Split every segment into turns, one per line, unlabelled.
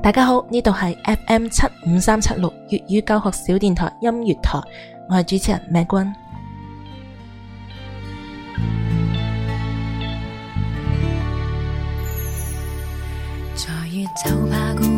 大家好，呢度係 FM 七五三七六粵語教學小電台音樂台，我係主持人咩君。
i 月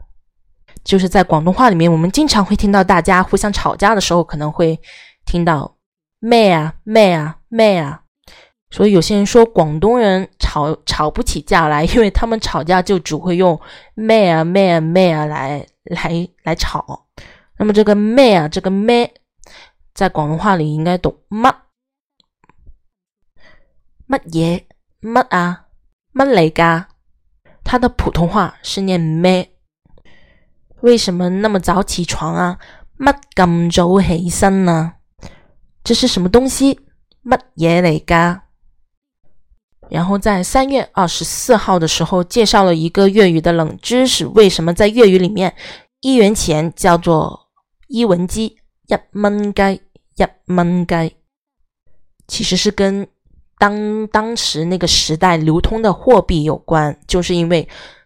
就是在廣東話裏面，我們經常會聽到大家互相吵架的時候，可能會聽到“咩啊，咩啊，咩啊”。所以有些人說廣東人吵吵不起架來，因為他們吵架就只會用“咩啊，咩啊，咩啊，啊”來來來吵。那麼這個“咩啊”這個“咩”在廣東話裏應該讀“乜乜嘢乜啊乜嚟噶”，它的普通話是念“咩”。為什麼那麼早起床啊？乜咁早起身啊？這是什麼東西？乜嘢嚟噶？然後在三月二十四號的時候，介紹了一個粵語的冷知識：為什麼在粵語裏面一元錢叫做一蚊雞？一蚊雞，一蚊雞，其實是跟當當時那個時代流通的貨幣有關，就是因為。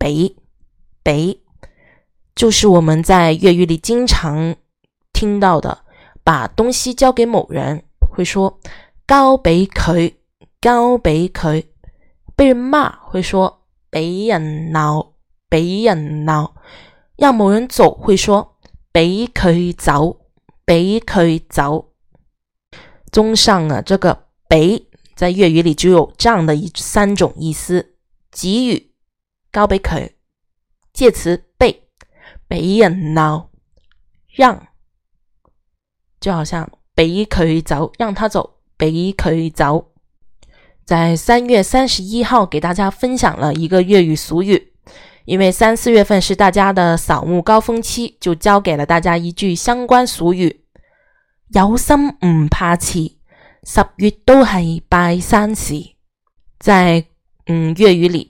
俾俾就是我們在粵語裏經常聽到的，把東西交給某人會說“交俾佢”，“交俾佢”；被人罵會說“俾人鬧”，“俾人鬧”；讓某人走會說“俾佢走”，“俾佢走”。綜上啊，這個“俾”在粵語裏就有這樣的一三種意思：給予。交俾佢，借詞被俾人鬧，讓就好像俾佢走，讓他走，俾佢走。在三月三十一號，給大家分享了一個粵語俗語，因為三四月份是大家的掃墓高峰期，就交給了大家一句相關俗語：有心唔怕遲，十月都係拜山時。在嗯粵語裏。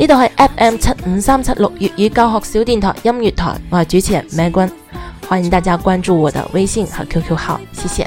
呢度係 FM 七五三七六粵語教學小電台音樂台，我係主持人咩君，歡迎大家關注我的微信和 QQ 號，謝
謝。